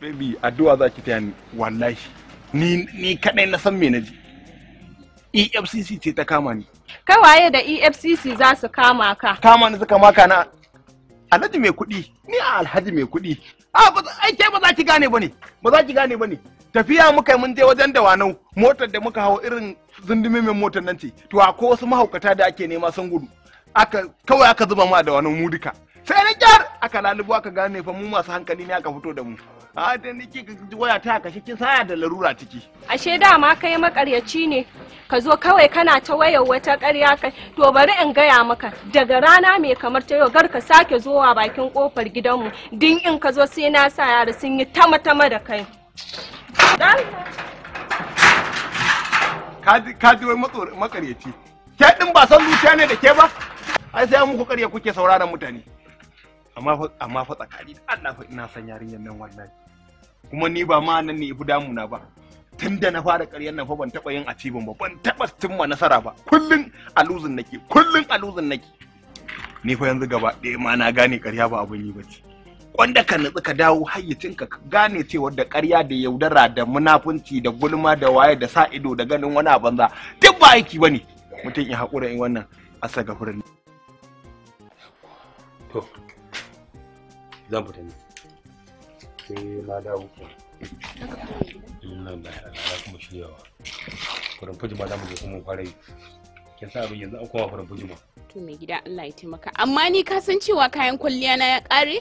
baby addu'a za ki taya ni wallahi ni ni kadai na san me na ji EFCC ce ta kama ni kai waye da EFCC za su kama ka kama ni suka maka na alhaji mai kuɗi ni a alhaji mai kuɗi a ai ke ba za ki gane bane ba za ki gane bane tafiya muka yi mun je wajen da dawanau motar da muka hau irin zundumin mai motar nan ce to akwai wasu mahaukata da ake nema sun gudu aka kawai aka zuba ma da dawanau mu duka sai na kyar aka lalubu aka gane fa mu masu hankali ne aka fito da mu a da nake waya ta kashe kin saya da larura ciki ashe dama kai makaryaci ne ka zo kawai kana ta wayar wata ƙarya kai to bari in gaya maka daga rana mai kamar ta yau gar ka sake zowa bakin kofar gidanmu din in ka zo sai na sa yara sun yi tama tama da kai ka ji wai makaryaci ke din ba san zuciya ne da ke ba ai sai muku karya kuke sauraron mutane amma fa tsakani Allah fa ina san yarinyar nan wallahi kuma ni ba ma nan ne ifi damuna ba tun da na fara ƙaryar nan fa ban taɓa yin achievement ba ban taɓa cimma nasara ba kullun a losing nake kullun a losing nake ni fa yanzu gaba ɗaya ma na gane ƙarya ba abun yi ba ce wanda ka nutsu ka dawo hayyacinka ka gane cewa da ƙarya da yaudara da munafunci da gulma da waye da sa ido da ganin wani banza duk ba aiki bane mutum ya haƙura in wannan a gafurin zan fita ne sai na dawo ke nan da ala kuma shiryawa furin fujima za mu je kuma fara yi kin sa abin yanzu an koma furin fujima to mai gida Allah ya taimaka amma ni ka san cewa kayan kwalliya na ya kare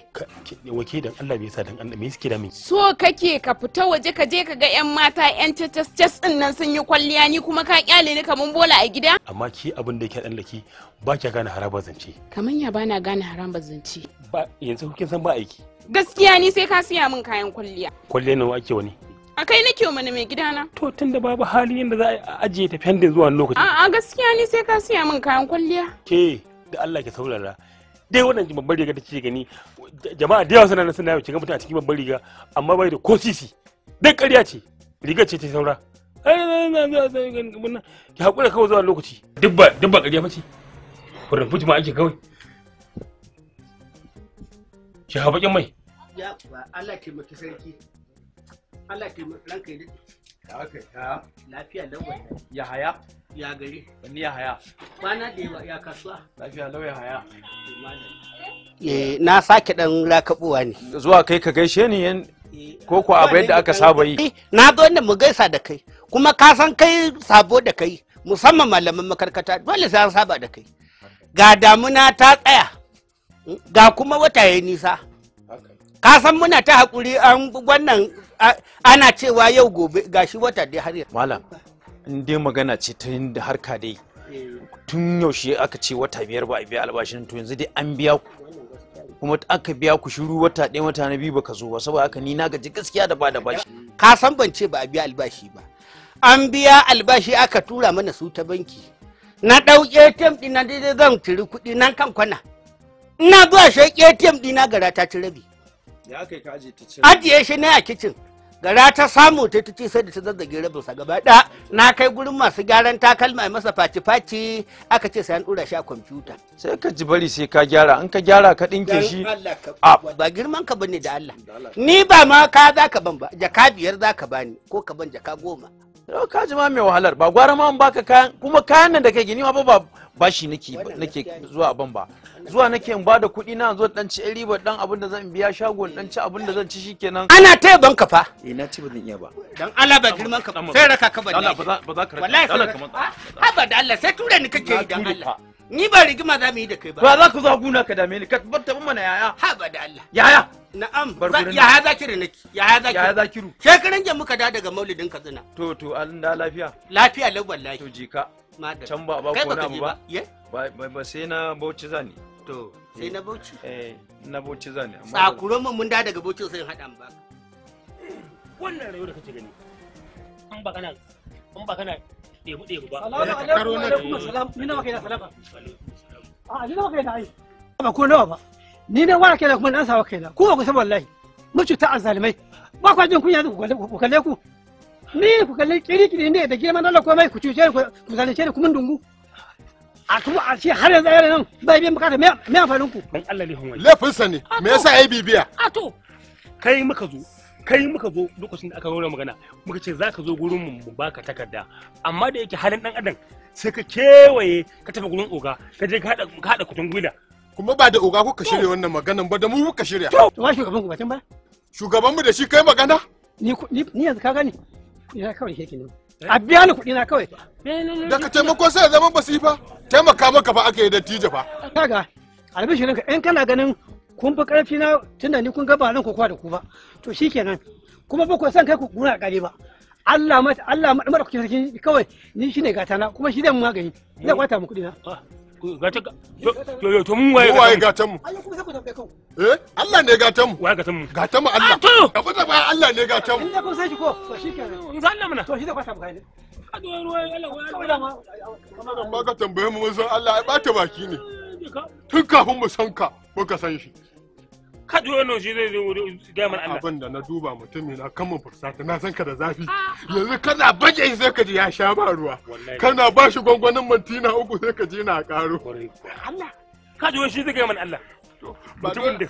wake dan Allah bai sa dan Allah me yake da miki so kake ka fita waje ka je ka ga yan mata yan cacas cas din nan sun yi kwalliya ni kuma ka kyale ni kaman bola a gida amma ki abin da yake dan laki ba ki gane haraba zance kaman ya bana gane haraba zance ba yanzu kin san ba aiki gaskiya ni sai ka siya min kayan kwalliya kwalliya nawa ake wani a kai nake mana mai gidana to da babu hali yadda za a ajiye ta fendin zuwa lokaci a gaskiya ni sai ka siya min kayan kwalliya ke da Allah ki saurara dai wannan babbar riga ta ce gani jama'a da yawa suna nan suna kiga mutum a cikin babbar riga amma bai da ko sisi dai ƙarya ce rigar ce ta saura ki haƙura kawai zuwa lokaci duk ba ƙarya ba ce furin fuji ma ake kawai ki ha bakin mai ya kuwa Allah ke maki sarki Allah ke ranka yi ya lafiya ya haya ya gari ya haya kwana da ya kasuwa lafiya lawa ya haya eh, eh, na sake dan lakabuwa ne zuwa kai ka gaishe ni yan eh, ko ko abu yadda aka saba yi na zo mu gaisa da kai kuma ka san kai sabo da kai musamman malaman makarkata dole sai an saba da kai ga damuna ta tsaya ga kuma wata ya nisa ka san muna ta haƙuri an wannan ana cewa yau gobe gashi wata dai har malam in dai magana ce ta yin harka dai tun yaushe aka ce wata biyar ba a biya albashin to yanzu dai an biya ku kuma aka biya ku shiru wata ɗaya wata na biyu baka zo ba saboda haka ni na gaji gaskiya da ba da bashi ka san ban ce ba a biya albashi ba an biya albashi aka tura mana su ta banki na ɗauke tem ɗin na daidai zan tiri kuɗi nan kan kwana ina zuwa shi atm dina gara ta ci rabi ya kai ka ta ci ajiye shi ne a kicin gara ta samu ta ta ce sai da ta zazzage rabin sa gaba da na kai gurin masu gyaran takalma masa faci faci aka ce sai an dura shi a kwamfuta sai ka ji bari sai ka gyara an ka gyara ka dinke shi ba girman ka bane da Allah ni ba ma ka za ka ban ba jaka biyar za ka bani ko ka ban jaka goma ka ji ma mai wahalar ba gwara ma an baka kayan kuma kayan nan da kai gini ma ba bashi nake nake zuwa ban ba zuwa nake in bada kuɗi na zo dan ci riba dan abin da zan biya shagon dan ci abin da zan ci shikenan ana taya banka fa eh na ci ba zan iya ba dan Allah ba girman ka sai raka ka bani Allah ba za ka raka Allah ka ba da Allah sai tura ni kake yi dan Allah Ni ba rigima za mu yi da kai ba. Ba za ku zo guna ka dame ni ka tabbata mana yaya. Ha ba da Allah. Yaya. Na'am. Yaya ki rinaki. Yaya ki. Yaya Ke Shekaran jiya muka da daga Maulidin Katsina. To to an da lafiya. Lafiya lau wallahi. To je ka. Can ba ba ko na ba. Ba ba sai na Bauchi zani. To sai eh, na Bauchi. Eh na Bauchi zani. Sakuro mun mun da daga Bauchi sai haɗa ba. Wannan rayuwar da kake gani. An ba kana an ba kana ɗebu ɗebu ba salamu alaikum salam ni nawa kai da salama a ni nawa kai da ai ba ko nawa ba ni ne wara kai da kuma na sawa da ku ba ku san wallahi mucuta azzalimai ba ku jin kunya ku kalle ku ni ku kalle kiri kiri ne da girman Allah komai ku cuce ku zalunce ku kuma dungu a kuma a ce har yanzu ayyana nan bai biyan bukata me amfanin ku dan Allah ne hunwaye laifin sa ne me yasa yayi bibiya a ah, to kai muka zo kai muka zo lokacin da aka nuna magana muka ce za ka zo gurin mu baka takarda amma da yake halin dan adam sai ka kewaye ka tafi gurin oga ka je ka hada kutun gwida kuma ba da oga kuka shirya wannan maganan ba da mu kuka shirya to ba shugaban ku ba ba shugaban mu da shi kai magana ni ni yanzu ka gani. ya kawai keke eh? ne a biya ni kudi na kawai daga taimako sai ya zama basifa taimaka maka ba aka yi da tija fa kaga ka in kana ganin kun fi karfi na tunda ni kun gaba nan kokowa da ku ba to shikenan kuma ba ku san kai ku gura kare ba Allah ma Allah sarki kawai ni shine gata na kuma shi zan magani ina kwata mu kudi na ah, gata yo to mun waye gata mu waye gata mu eh Allah ne gata mu waye gata mu gata mu Allah ah, ka fata ba Allah ne gata mu Allah sai shi ko to shikenan in zalla muna to shi da kwata mu kai ba ka tambaye mu mun san Allah ai bata baki ne ah, tun kafin mu san ka muka san shi ka ji wannan shi zai zai wuri gaya Allah abin da na duba mutumin na kan fursata na san ka da zafi ah. yanzu kana baje shi sai ka ji ya sha ba ruwa kana ba shi gwangwanin mantina uku sai ka ji na karo Allah ka wannan shi zai gaya Allah mutumin da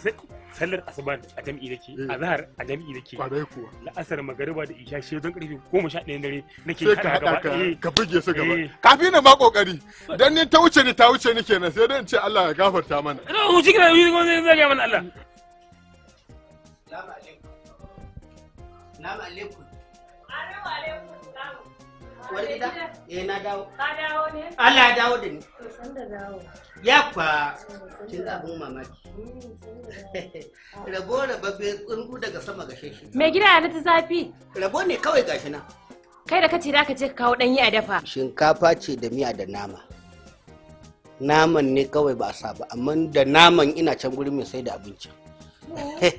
sallar asuba a jam'i nake eh. a zahar a da ke la'asar magariba da isha shi don karfe goma sha ɗaya dare ke haɗa gaba ka buge su gaba eh. kafin na ma kokari dan ni ta wuce ni ta wuce ni kenan sai dai in ce Allah ya gafarta mana ina mu shi kira yi ko zai zage mana Allah Salamu alaikum. Salamu alaikum. Salamu alaikum. Salamu. Wani gida? Eh na dawo. Ka dawo ne? Allah ya dawo da ni. To san da dawo. Ya kwa. Kin abun mamaki. Mm, rabo rabo be kungu daga sama ga sheshi. Me gida ya ta zafi? Rabo ne kawai gashi nan. Kai da kace da ka je ka kawo danyi a dafa. Shinkafa ce da miya da nama. Naman ne kawai ba sa ba, amma da naman ina can gurin mai sai da abincin.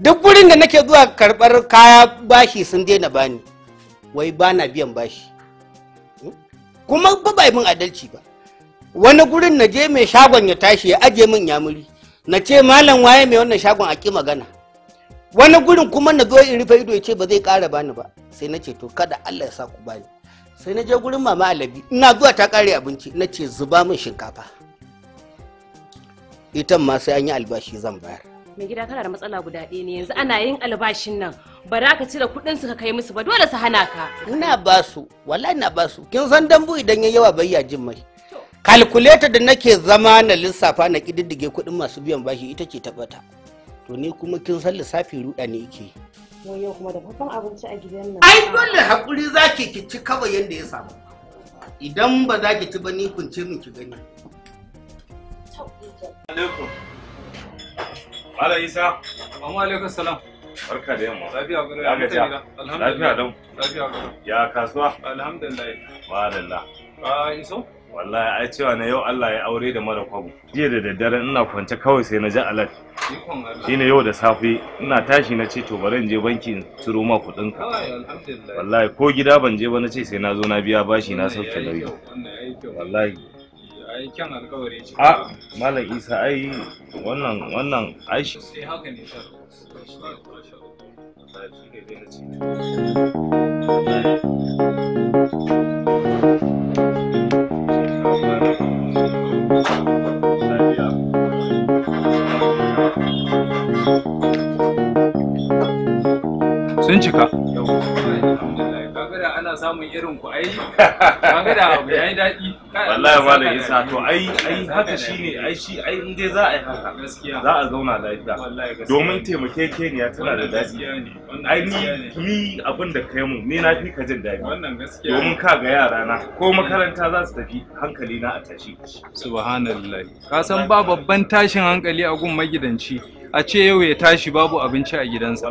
duk wurin da nake zuwa karbar kaya bashi sun daina bani wai ba na biyan bashi hmm? kuma ba min adalci ba wani gurin na je mai shagon ya tashi ya aje min yamuri na ce malam waye mai wannan shagon a ƙi magana wani gurin kuma na zo in rufe ido ya ce ba zai ƙara bani ba sai na ce to kada allah ya sa ku bani sai na je gurin mama alabi ina zuwa ta ƙare abinci na ce zuba min shinkafa ita ma sai an yi albashi zan bayar mai gida kana da matsala guda ɗaya ne yanzu ana yin albashin nan ba za ka cire kuɗin su ka kai musu ba dole su hana ka ina ba su wallahi ina ba su kin san dambu idan ya yawa bai ya jin mai kalkuleta da nake zama na lissafa na kididdige kuɗin masu biyan bashi ita ce tabbata to ni kuma kin san lissafi ruɗa ne yake kuma da abinci a gidan nan ai dole hakuri zaki ki ci kawai yanda ya samu idan ba za ki ci ba ni kunce ki gani Mala Isa. Assalamu alaikum salam. Barka da yamma. Lafiya gudu. Ya gajiya. Lafiya dau. Lafiya gudu. Ya kasuwa. Alhamdulillah. Madalla. Ba iso? Wallahi ai cewa na yau Allah ya aure da mara kwabo. Jiya da daddare ina kwance kawai sai na ji alat. Shine yau da safe ina tashi na ce to bari in je banki in ciro ma kuɗin ka. Wallahi ko gida ban je ba na ce sai na zo na biya bashi na sauke nauyi. Wallahi yi kyan alkawari a ah, malam isa ai wannan wannan ai shi sai haka ne sun cika kaga da ana samun irin ku ai kaga da yayi daɗi wallahi da isa to ai ai haka shine ai shi ai in dai za a yi haka za a zauna lafiya domin taimakekeniya tana da daɗi ai ni ni abin da kai mu ni na fi ka jin daɗi domin ka ga yara na ko makaranta za su tafi hankali na a tashi subhanallahi ka san ba babban tashin hankali a gun magidanci a ce yau ya tashi babu abinci a gidansa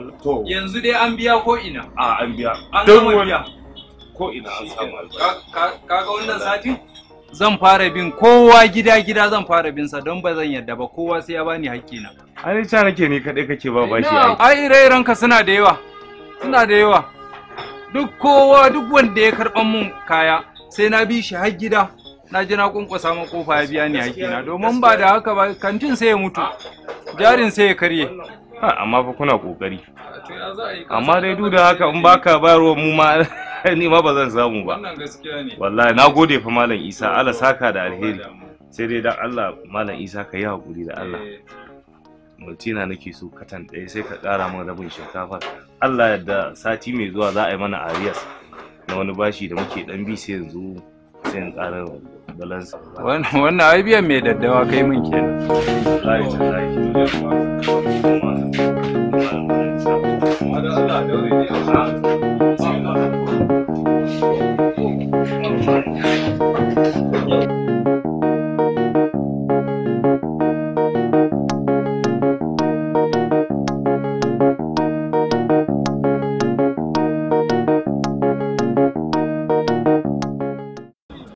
yanzu dai an biya ko ina a an biya an biya ko ina an samu ka ga wannan satin zan fara bin kowa gida gida zan fara bin sa don ba zan yadda ba kowa sai ya bani hakki na ai ta ke ni kadai kake ba bashi ai ai ire-iren ka suna da yawa suna da yawa duk kowa duk wanda ya karban mun kaya sai na bi shi har gida na ji na kunkusa ma kofa ya biya ni hakki na domin ba da haka ba kantin sai ya mutu jarin sai ya karye amma fa kuna kokari amma dai duk da haka in baka bayarwa mu ma ni ma ba samu ba wallahi na gode fa malam isa allah saka da alheri sai dai dan allah malam isa ka yi hakuri da allah eh. multina nake so katan ɗaya sai ka ƙara min rabin shinkafa allah yadda sati mai zuwa za a yi mana arias na wani bashi da muke dan bi sai yanzu sai in ƙara balansa wannan ai biyan mai daddawa kai mun kenan